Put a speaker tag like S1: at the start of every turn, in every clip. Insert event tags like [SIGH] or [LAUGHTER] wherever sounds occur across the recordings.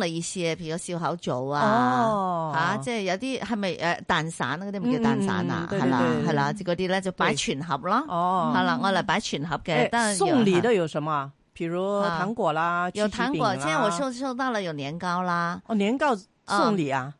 S1: 類似嘅，譬如笑口棗啊，哦，吓、啊，即係有啲係咪誒蛋散嗰啲，唔叫蛋散啊，係、嗯、啦，係、嗯、啦，即嗰啲咧就擺全盒啦。哦，係啦，我嚟擺全盒嘅。但、嗯、送禮都有什麼？譬、啊、如糖果啦，有糖果，即係我收收到了有年糕啦。哦，年糕送禮啊？啊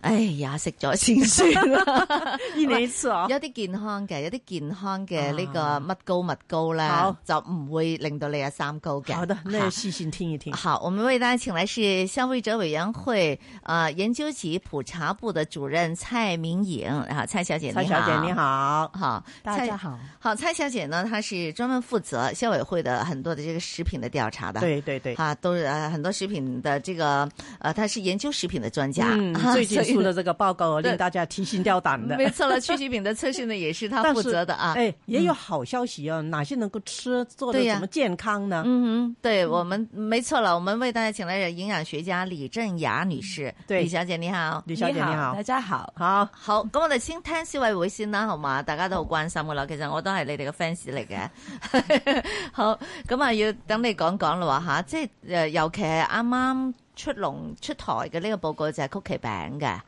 S1: 哎呀，食咗先算啦。一年一次啊。有啲健康嘅，有啲健康嘅，啊這個、呢個乜高乜高啦，就唔會令到你有三高嘅。好的，那細心聽一聽好。好，我們為大家請來是消費者委員會啊、呃、研究及普查部的主任蔡敏穎啊，蔡小姐你好，蔡小姐，你好，好，大家好，好，蔡小姐呢，她是專門負責消委會的很多的這個食品的調查的，對對對，啊，都是、呃、很多食品的這個，呃，她是研究食品的專家。嗯最近出的這個報告、啊、令大家提心吊膽的，沒錯啦。曲奇 [LAUGHS] 餅的測試呢，也是他負責的啊。誒、 [LAUGHS] 哎，也有好消息哦、啊嗯，哪些能夠吃，做的什麼健康呢？啊、嗯哼嗯，對我們，沒錯了，我們為大家請來營養學家李正雅女士，對李小姐你好，李小姐你好，大家好，好，好，好。咁我哋先聽消委會先啦，好嘛？大家都好關心噶啦。其實我都係你哋嘅 fans 嚟嘅。 [LAUGHS] 好，咁啊，要等你講講了，話吓，即係誒，尤其係啱啱。呃出籠出台嘅呢個報告就係曲奇餅嘅，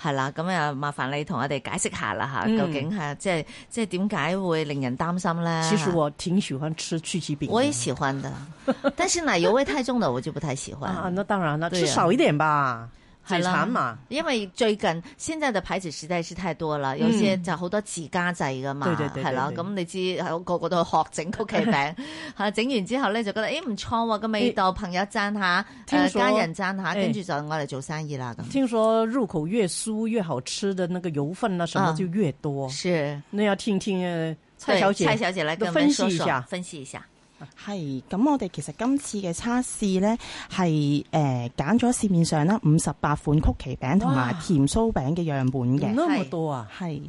S1: 係啦，咁啊，麻煩你同我哋解釋一下啦、嗯、究竟係即係即係點解會令人擔心咧？其實我挺喜歡吃曲奇餅，我也喜歡的， [LAUGHS] 但是奶油味太重的我就不太喜歡。 [LAUGHS] 啊，那、啊、當然啦，食、啊、少一點吧。
S2: 係啦、
S1: 嗯，因為最近現在嘅牌子實在是太多啦、嗯，有些就好多自家製噶嘛，係啦，咁、嗯嗯、你知個個都學整曲奇餅，係 [LAUGHS] 整完之後咧就覺得誒唔、哎、錯、啊這個味道，欸、朋友讚下、呃，家人讚下，跟住就我嚟做生意啦咁。聽說入口越酥越好吃的
S2: 那個油分啊，什麼就越多。是、啊，你要聽聽、呃啊、蔡小姐，蔡小姐嚟分析一下，
S1: 分析一下。
S2: 係，咁我哋其實今次嘅測試呢，係誒揀咗市面上啦五十八款曲奇餅同埋甜酥餅嘅樣本嘅，咁都冇多啊。係，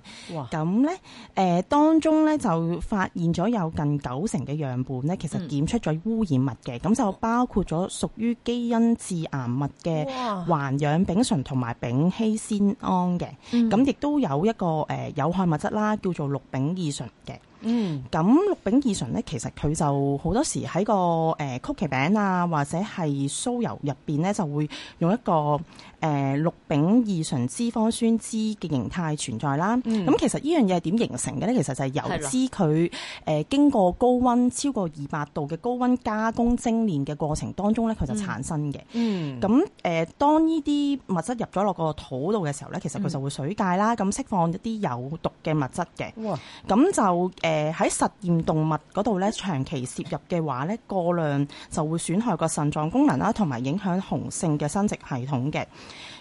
S2: 咁呢，誒、呃、當中呢就發現咗有近九成嘅樣本呢，其實檢出咗污染物嘅，咁、嗯、就包括咗屬於基因致癌物嘅環氧丙醇同埋丙烯酰胺嘅，咁亦都有一個誒有害物質啦，叫做氯丙二醇嘅。嗯，咁氯丙二醇咧，其實佢就好多時喺個誒、呃、曲奇餅啊，或者係酥油入邊咧，就會用一個誒氯、呃、丙二醇脂肪酸酯嘅形態存在啦。嗯，咁其實呢樣嘢係點形成嘅咧？其實就係油脂佢誒、呃、經過高溫超過二百度嘅高溫加工精煉嘅過程當中咧，佢就產生嘅。嗯，咁誒、呃、當呢啲物質入咗落個肚度嘅時候咧，其實佢就會水解啦，咁、嗯、釋放一啲有毒嘅物質嘅。哇，咁就誒、呃誒、呃、喺實驗動物嗰度咧，長期攝入嘅話咧，過量就會損害個腎臟功能啦，同埋影響雄性嘅生殖系統嘅。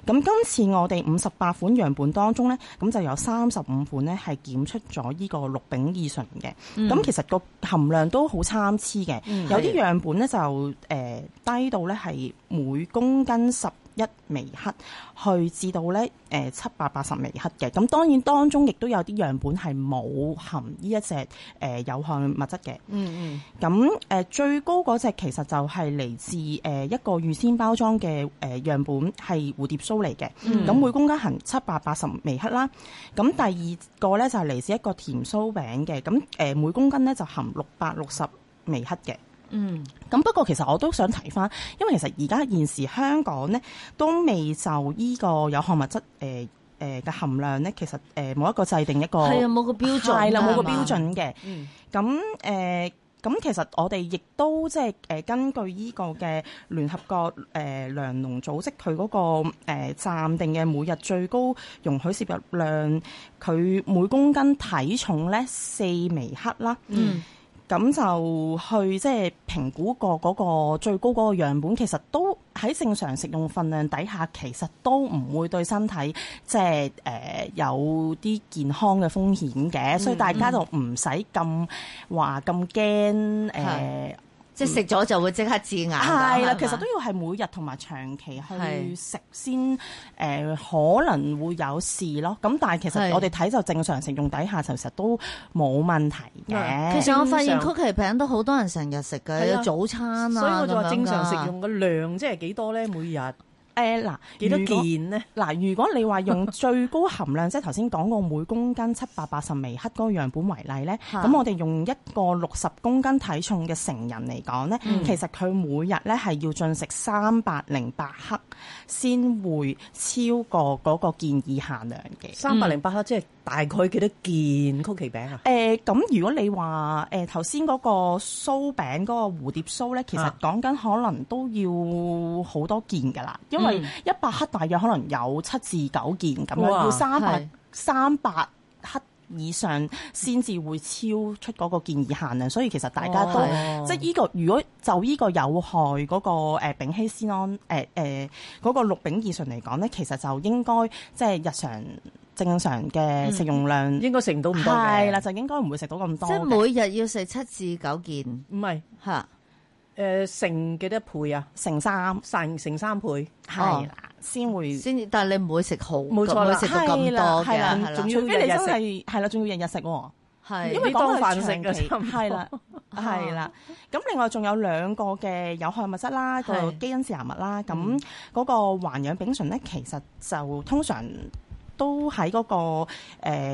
S2: 咁今次我哋五十八款樣本當中咧，咁就有三十五款咧係檢出咗依個氯丙二醇嘅。咁、嗯、其實個含量都好參差嘅，有啲樣本咧就誒低到咧係每公斤十一微克去至到咧誒七百八十微克嘅，咁當然當中亦都有啲樣本係冇含呢一隻誒有害物質嘅。嗯嗯。咁誒最高嗰隻其實就係嚟自誒一個預先包裝嘅誒樣本係蝴蝶酥嚟嘅，咁、嗯、每公斤含七百八十微克啦。咁第二個咧就係嚟自一個甜酥餅嘅，咁誒每公斤咧就含六百六十微克嘅。嗯，咁不過其實我都想提返，因為其實而家現時香港咧都未就依個有害物質嘅含量咧，其實誒冇一個制定一個係啊冇個標準係啦冇個標準嘅。咁咁、呃、其實我哋亦都即係根據依個嘅聯合國誒糧、呃、農組織佢嗰、嗰個暫、呃、暫定嘅每日最高容許攝入量，佢每公斤體重咧四微克啦。嗯。咁就去即係評估過嗰個最高嗰個樣本，其實都喺正常食用份量底下，其實都唔會對身體即係誒有啲健康嘅風險嘅，嗯嗯，所以大家就唔使咁話咁驚誒。呃即係食咗就會即刻致癌。係、嗯、啦，其實都要係每日同埋長期去食先，誒、呃、可能會有事咯。咁但係其實我哋睇就正常食用底下，其實都冇問題嘅、嗯。其實我發現曲
S1: 奇餅都好多人成日食嘅，係啊、早餐啊咁樣啊。所以我就話正常食用嘅量即係幾
S2: 多咧？每日。
S1: 誒嗱幾多件
S2: 咧？嗱，如果你話用
S1: 最高含量， [LAUGHS] 即係
S2: 頭先講過個每公斤七百八十微克嗰個樣本為例呢，咁 [LAUGHS] 我哋用一個六十公斤體重嘅成人嚟講呢，嗯、其實佢每日呢係要進食三百零八克先會超過嗰個建議限量嘅。三百零八克即係，大概幾多件曲奇餅啊？誒、呃，咁如果你話誒頭先嗰個酥餅嗰、嗰個蝴蝶酥咧、啊，其實講緊可能都要好多件㗎啦，嗯、因為一百克大約可能有七至九件咁樣，要三百三百克以上先至會超出嗰個建議限量，所以其實大家都、啊、即係、呢、依個如果就呢個有害嗰、嗰個、呃、丙烯酰胺誒誒嗰個氯丙二醇嚟講咧，其實就應該即係日常。正常嘅食用量應該食唔到咁多嘅，係啦，就應該唔會食到咁多。即係每
S1: 日要食七至
S2: 九件，唔係嚇，誒，乘幾多倍啊？乘三，乘
S1: 乘三倍，係啦，先會先。但係你唔會食好，冇錯，食到咁多嘅。總之你真係
S2: 係啦，仲要日日食喎，係因為當飯食嘅，長期，係啦，係啦。咁另外仲有兩個嘅有害物質啦，個基因致癌物啦。咁嗰個環氧丙醇咧，其實就通常。都喺嗰個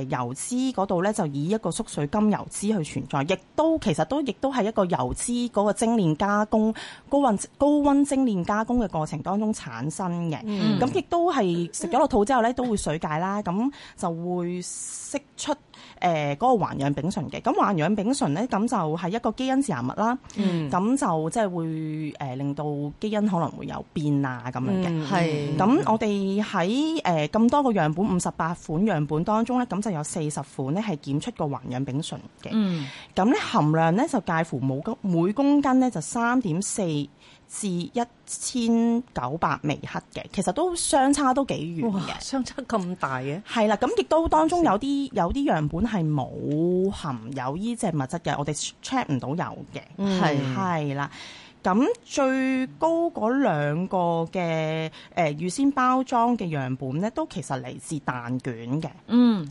S2: 油脂嗰度咧，就以一個縮水甘油脂去存在，亦都其實都亦都係一個油脂嗰個精煉加工高溫高溫精煉加工嘅過程當中產生嘅。咁、mm. 亦都係食咗落肚之後咧，都會水解啦，咁就會釋出。誒、呃、嗰、那個環氧丙醇嘅，咁環氧丙醇咧，咁就係一個基因致癌物啦。嗯，咁就即係會、呃、令到基因可能會有變啊咁、嗯、樣嘅。係、嗯，咁我哋喺誒咁多個樣本五十八款樣本當中咧，咁就有四十款咧係檢出過環氧丙醇嘅。嗯，咁咧含量咧就介乎每公每公斤咧就三點四，至一千九百微克嘅，其實都相差都幾遠嘅，相差咁大嘅，係啦。咁亦都當中有啲有啲樣本係冇含有呢隻物質嘅，我哋 check 唔到有嘅，係係啦。咁最高嗰兩個嘅誒、呃、預先包裝嘅樣本咧，都其實嚟自蛋卷嘅，嗯。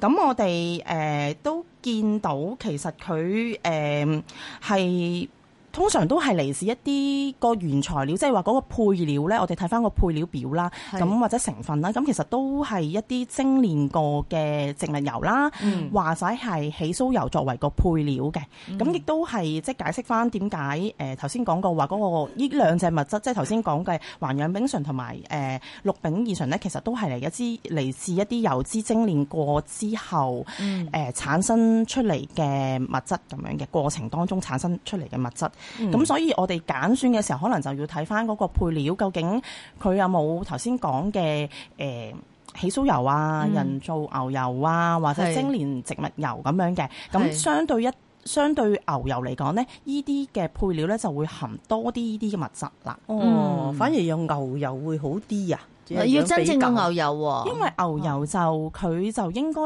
S2: 咁我哋、呃、都見到其實佢誒係。呃是通常都係嚟自一啲個原材料，即係話嗰個配料咧，我哋睇翻個配料表啦，咁或者成分啦，咁其實都係一啲精煉過嘅植物油啦，或者係起酥油作為個配料嘅，咁亦都係即係解釋翻點解誒頭先講過話嗰個呢兩隻物質，即係頭先講嘅環氧丙醇同埋誒氯丙二醇咧，其實都係嚟一支嚟、嗯嗯嗯、自一啲油脂精煉過之後誒、嗯呃、產生出嚟嘅物質咁樣嘅過程當中產生出嚟嘅物質。咁、嗯、所以，我哋揀選嘅時候，可能就要睇翻嗰個配料，究竟佢有冇頭先講嘅誒起酥油啊、嗯、人造牛油啊，或者精煉植物油咁樣嘅。咁相對一相對牛油嚟講呢，呢啲嘅配料呢就會含多啲呢啲嘅物質啦。哦、嗯，反而用牛油會好啲啊？要真正嘅牛油、啊，因為牛油就佢、啊、就應該。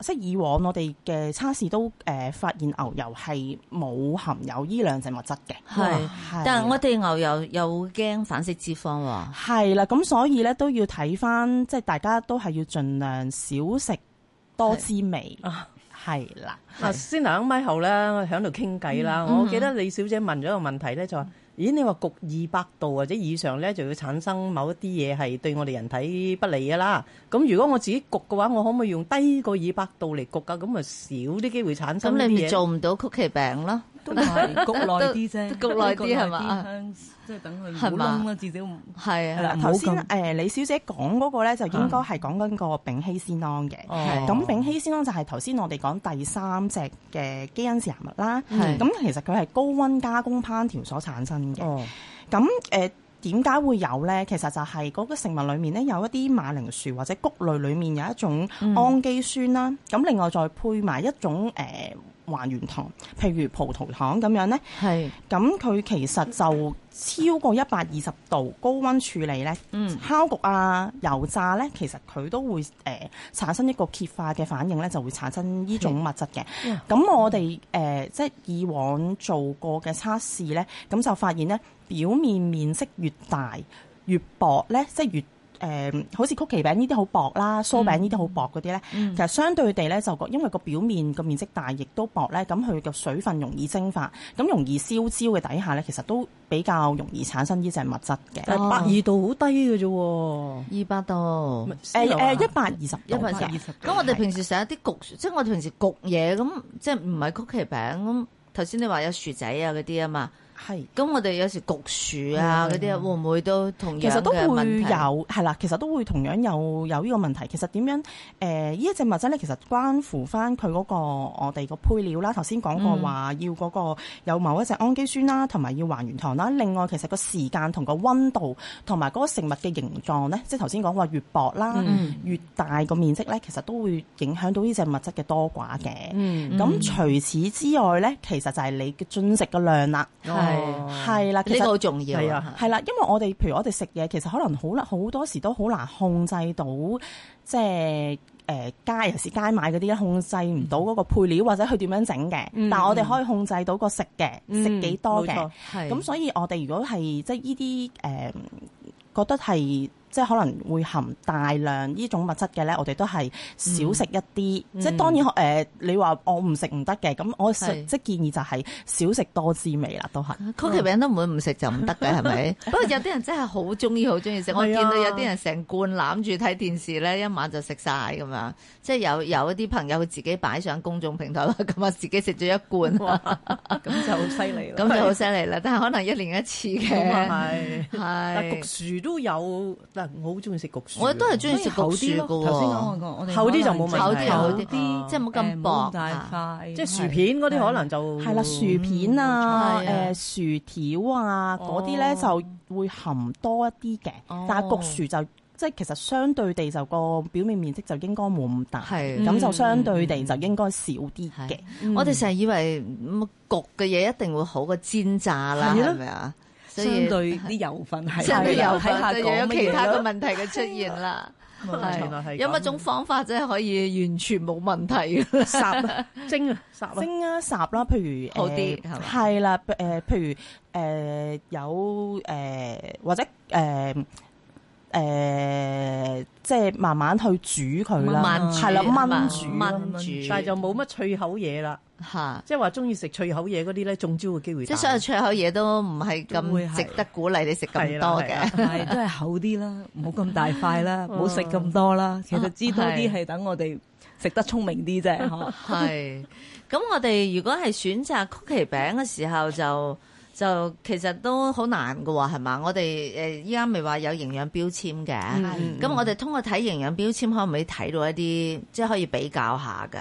S2: 即係以往我哋嘅測試都誒發現牛油係冇含有依兩種物質嘅，係、
S1: 哦，但係我哋牛油又驚反式脂肪喎，
S2: 係啦，咁所以咧都要睇翻，即係大家都係要盡量少食多滋味，係啦。啊，先兩米後咧，我哋喺度傾偈啦，我記得李小姐問咗一個問題咧，就、嗯、話。咦，你話焗二百度或者以上呢，就會產生某一啲嘢係對我哋人體不利㗎啦。咁如果我自己焗嘅話，我可唔可以
S1: 用低過二百度嚟焗啊？咁咪少啲機會產生。咁你咪做唔到曲奇餅咯。
S2: [LAUGHS] 都係谷耐啲啫，谷耐啲係嘛？
S1: 即係等佢冇窿啦，至少唔係啦。頭先誒
S2: 李小姐講嗰個咧，就應該係講緊個丙烯酰胺嘅。咁丙烯酰胺就係頭先我哋講第三隻嘅基因致癌物啦。咁其實佢係高溫加工烹調所產生嘅。咁誒點解會有咧？其實就係嗰個食物裏面咧，有一啲馬鈴薯或者谷類裏面有一種氨基酸啦。咁、嗯、另外再配埋一種誒。呃還原糖，譬如葡萄糖咁樣咧，咁佢其實就超過一百二十度高溫處理咧、嗯，烤焗啊、油炸呢，其實佢都會誒、呃、產生一個結化嘅反應呢，就會產生呢種物質嘅。咁我哋誒、呃、即係以往做過嘅測試呢，咁就發現呢，表面面積越大越薄呢，即係越。誒、嗯，好似曲奇餅呢啲好薄啦，酥餅呢啲好薄嗰啲咧，其實相對地咧，就個因為個表面個面積大，亦都薄咧，咁佢個水分容易蒸發，咁容易燒焦嘅底下咧，其實都比較容易產生呢隻物質嘅。百、哦、二
S1: 度好低嘅啫，二百度。誒、欸、誒，一百二十，一百。二十。咁我哋平時食一啲焗，即係我哋平時焗嘢咁，即係唔係曲奇餅咁？頭先你話有薯仔啊嗰啲啊嘛。係，咁我哋有時焗薯啊嗰啲，會唔會都同樣有
S2: 問題？其實都會有，係啦，其實都會同樣有有呢個問題。其實點樣？誒、呃，呢一隻物質咧，其實關乎翻佢嗰個我哋個配料啦。頭先講過話要嗰個有某一隻氨基酸啦，同埋要還原糖啦。另外，其實個時間同個溫度同埋嗰個食物嘅形狀咧，即係頭先講話越薄啦、嗯，越大個面積咧，其實都會影響到呢隻物質嘅多寡嘅。咁、嗯、除此之外咧、嗯，其實就係你嘅進食嘅量啦。哦。係、oh,，係啦，呢、呢個好重要。係啦，因為我哋，譬如我哋食嘢，其實可能好啦，好多時都好難控制到，即係誒、呃、街，尤其是街買嗰啲，控制唔到嗰個配料或者佢點樣整嘅、mm -hmm.。但係我哋可以控制到嗰個食嘅，食、mm、幾 -hmm. 多嘅。咁所以，我哋如果係即係呢啲誒，覺得係。即係可能會含大量呢種物質嘅咧，我哋都係少食一啲、嗯嗯。即係當然誒、呃，你話我唔食唔得嘅，咁我即建議就係
S1: 少食多滋味啦，都係。曲奇餅都唔會唔食就唔得嘅，係 [LAUGHS] 咪是吧？ [LAUGHS] 不過有啲人真係好中意、好中意食。我見到有啲人成罐攬住睇電視咧，一晚就食晒咁樣。即係有有一啲朋友佢自己擺上公眾平台啦，咁啊自己食咗一罐，咁就好犀利啦。咁就好犀利啦。但係可能一年一次嘅，係，焗薯
S2: 都有。嗱，我好中意食焗薯，我都係中意食焗薯。咯。頭先講我我哋厚啲就冇問題，
S1: 啲、呃、即係冇咁薄，呃呃啊、即係薯片嗰啲可能就
S2: 係啦，薯片啊，誒、嗯呃、薯條啊嗰啲咧就會含多一啲嘅、哦，但係焗薯就即係其實相對地就個表面面積就應該冇咁大，
S1: 係咁就相對地就應該少啲嘅、嗯。我哋成日以為焗嘅嘢一定會好過煎炸啦，係咪啊？相對啲油分係，睇下又有其他嘅問題嘅出現啦、啊。有乜種方法即係可以
S2: 完全冇問題？烚、啊、蒸啊，烚、啊、蒸啊，烚啦、啊。譬如好啲？係啦，誒、呃呃，譬如誒，有、呃、誒，或者誒。呃誒、呃，即係慢慢去煮佢啦，係啦，炆煮，炆煮，但係就冇乜脆口嘢啦，吓、啊，即係話中意食脆口嘢嗰啲咧，
S1: 中招嘅機會即係所，所有脆口嘢都唔係咁值得鼓勵你食咁多嘅，啊啊啊啊、 [LAUGHS] 都係厚啲啦，唔好咁大塊啦，唔好食咁多啦、 [LAUGHS] 啊。其實知道啲係等我哋食得聰明啲啫，係、啊，咁 [LAUGHS] 我哋如果係選擇曲奇餅嘅時候就。就其實都好難嘅係嘛？我哋誒依家咪話有營養標籤嘅，咁、嗯、我哋通過睇營養標籤可唔可以睇到一啲，即係可以比較下嘅？
S2: 誒、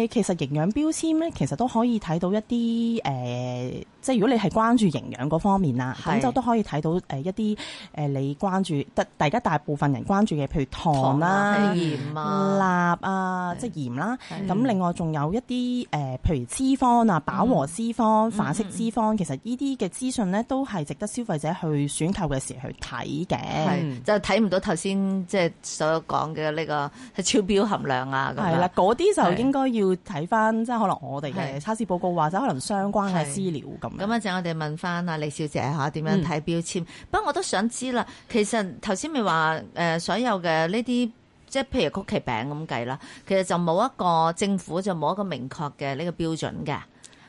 S2: 呃，其實營養標籤咧，其實都可以睇到一啲誒。呃即係如果你係關注營養嗰方面啦，咁就都可以睇到誒一啲誒你關注得大家大部分人關注嘅，譬如糖啦、鈉啊，即係鹽啦、啊。咁、啊就是、另外仲有一啲誒，譬如脂肪啊、飽和脂肪、嗯、反式脂肪，其實呢啲嘅資訊呢都係值得消費者去選購嘅時候去睇
S1: 嘅。就睇唔到頭先即係所講嘅呢個係超標含量啊。係啦，嗰啲就應該要睇翻，即係可能我哋嘅測試報告或者可能相關嘅資料。咁啊，就我哋問翻阿李小姐嚇點樣睇標籤，不過我都想知啦，其實頭先咪話誒，所有嘅呢啲，即係譬如曲奇餅咁計啦，其實就冇一個政府就冇一個明確嘅呢個標準嘅。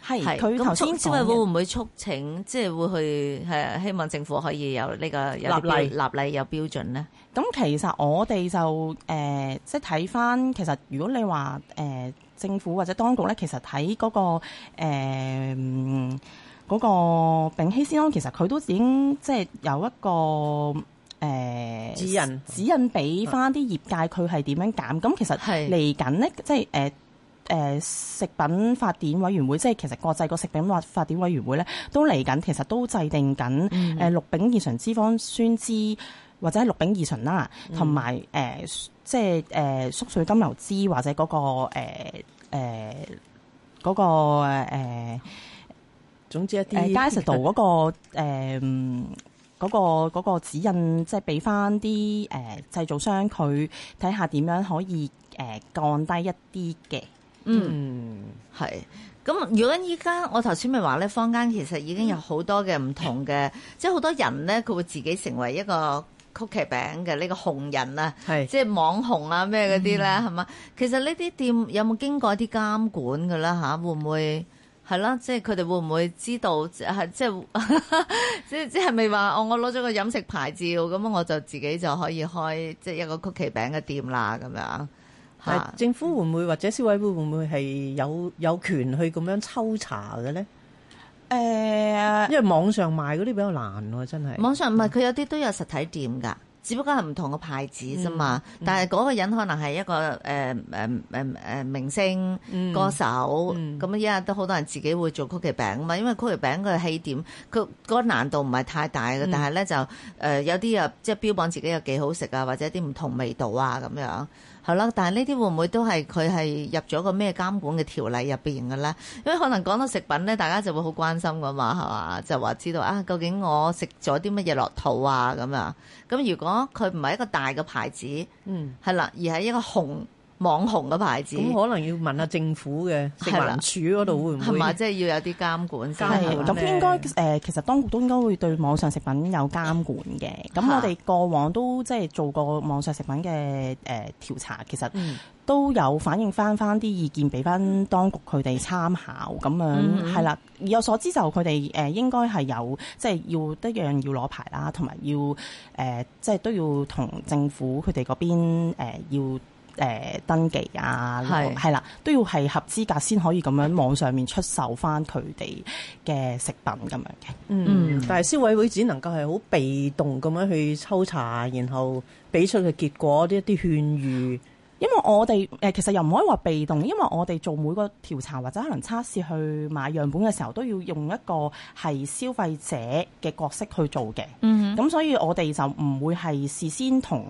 S1: 係，佢頭先會唔會促請，即係會去係希望政府可以有呢個立例，立例有標準咧？
S2: 咁其實我哋就誒、呃，即係睇翻其實，如果你話誒。呃政府或者當局咧、那個呃那個，其實喺嗰個誒丙烯酰胺，其實佢都已經即係有一個誒、呃、指引指引俾翻啲業界佢係點樣減。咁、嗯、其實嚟緊呢，即係誒誒食品法典委員會，即係其實國際個食品法法典委員會咧，都嚟緊，其實都制定緊誒氯丙二醇脂肪酸酯，或者氯丙二醇啦，同埋誒即係誒、呃、縮水甘油酯或者嗰、那個、呃誒、呃、嗰、那個誒、呃、總之一啲 technical 嗰個指引，即係俾翻啲誒製造商佢睇下點樣可以誒、呃、
S1: 降低一啲嘅。嗯，係、嗯、咁。如果依家我頭先咪話咧，坊間其實已經有好多嘅唔同嘅、嗯，即係好多人咧，佢會自己成為一個曲奇餅嘅呢、這個紅人啊，是即係網紅啊咩嗰啲咧，係嘛、嗯？其實呢啲店有冇經過一啲監管嘅啦？吓、啊，會唔會係啦？即係佢哋會唔會知道？啊就是、 [LAUGHS] 即係即係即係咪話哦？我攞咗個飲食牌照，咁我就自己就可以開即係一個曲奇餅嘅店啦咁樣。
S2: 但、嗯、
S1: 政府會唔會或者消委會會唔會係有有權去咁樣抽查嘅咧？誒，因為網上
S2: 賣嗰啲比較難喎、啊，
S1: 真係。網上唔係佢有啲都有實體店㗎，只不過係唔同嘅牌子啫嘛、嗯。但係嗰個人可能係一個誒誒誒誒明星、嗯、歌手咁啊，依家、嗯、都好多人自己會做曲奇餅啊嘛。因為曲奇餅嘅起點佢嗰個難度唔係太大嘅、嗯，但係咧就誒、呃、有啲又即係標榜自己又幾好食啊，或者啲唔同味道啊咁樣。係啦，但係呢啲會唔會都係佢係入咗個咩監管嘅條例入邊嘅咧？因為可能講到食品咧，大家就會好關心㗎嘛，係嘛？就話知道啊，究竟我食咗啲乜嘢落肚啊咁樣？咁如果佢唔係一個大嘅牌子，嗯，係啦，而係一個紅網紅嘅牌子，咁可能要問下政府嘅食環署嗰度，會唔會係咪即係要有啲監管，監管咁應該誒、
S2: 呃，其實當局都應該會對網上食品有監管嘅。咁、嗯、我哋過往都即係做過網上食品嘅誒、呃、調查，其實都有反映翻翻啲意見俾翻當局佢哋參考咁樣係啦。以、嗯、我、嗯、所知就佢哋誒應該係有即係要一樣要攞牌啦，同埋要誒、呃、即係都要同政府佢哋嗰邊、呃、要。誒、呃、登記啊，係啦，都要係合資格先可以咁樣網上面出售翻佢哋嘅食品咁樣嘅、嗯。嗯，但係消委會只能夠係好被動咁樣去抽查，然後俾出嘅結果呢，一啲勸喻。因為我哋誒其實又唔可以話被動，因為我哋做每個調查或者可能測試去買樣本嘅時候，都要用一個係消費者嘅角色去做嘅。咁、嗯、所以我哋就唔會係事先同誒、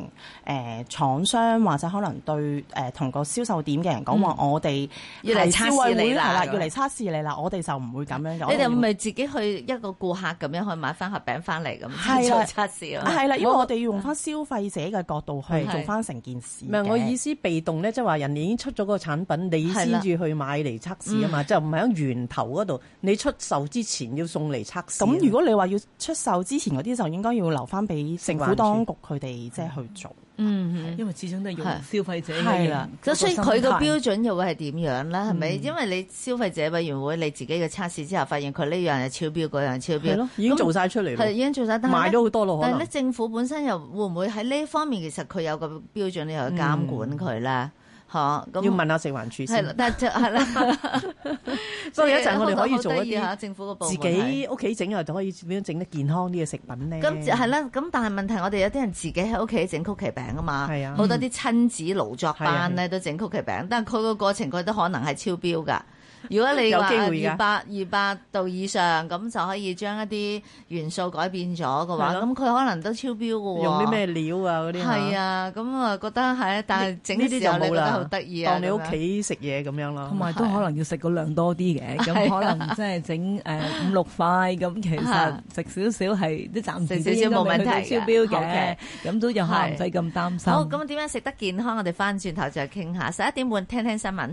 S2: 呃、廠商或者可能對同個、呃、銷售點嘅人講話，我哋要嚟測試你啦，要嚟測試你啦，我哋就唔會咁樣嘅。你哋咪
S1: 自己去一個顧客咁樣去買翻盒餅翻嚟咁嚟做測試啊？係啦，因為我
S2: 哋要用翻消費者嘅角度去做翻成件事。唔係，我意思。被動咧，即係話人哋已經出咗個產品，你先至去買嚟測試啊嘛，即係唔係響源頭度。你出售之前要送嚟測試。咁如果你話要出售之前嗰啲，就應該要留翻俾政府當局佢哋，即係去做。
S1: 嗯，因為始終都係用消費者嘅係啦，咁所以佢個標準又會係點樣咧？係咪、嗯？因為你消費者委員會你自己嘅測試之後，發現佢呢樣係超標，嗰樣超標。係咯，已經做晒出嚟。係，已經做晒，但係賣咗好多咯。但係咧，政府本身又會唔會喺呢方面，其實佢有個標準，你又去監管佢咧？嗯嚇，咁要問下食環署先。係啦，但係就係啦。所以 [LAUGHS] 一陣我哋可以做一啲嚇政府個部門自己屋企整又就可以點樣整得健康啲嘅食品咧？咁係啦，咁但係問題是我哋有啲人自己喺屋企整曲奇餅啊嘛，好多啲親子勞作班咧都整曲奇餅。是的是的，但係佢個過程佢都可能係超標㗎。如果你200，有機會二百二百度以上，咁就可以將一啲元素改變咗嘅話，咁佢可能都超標喎。用啲咩料啊嗰啲啊？係啊，咁啊覺得係，但係整呢啲就冇啦，好得意啊，當你屋企
S2: 食嘢咁樣咯。同埋都可能要食個量多啲嘅，咁可能
S1: 真係整誒五六塊咁、嗯，其實食少少係都暫時少少冇樣去超標嘅，咁都又唔使咁擔心。好，咁點樣食得健康？我哋翻轉頭再傾下。十一點半，聽聽新聞。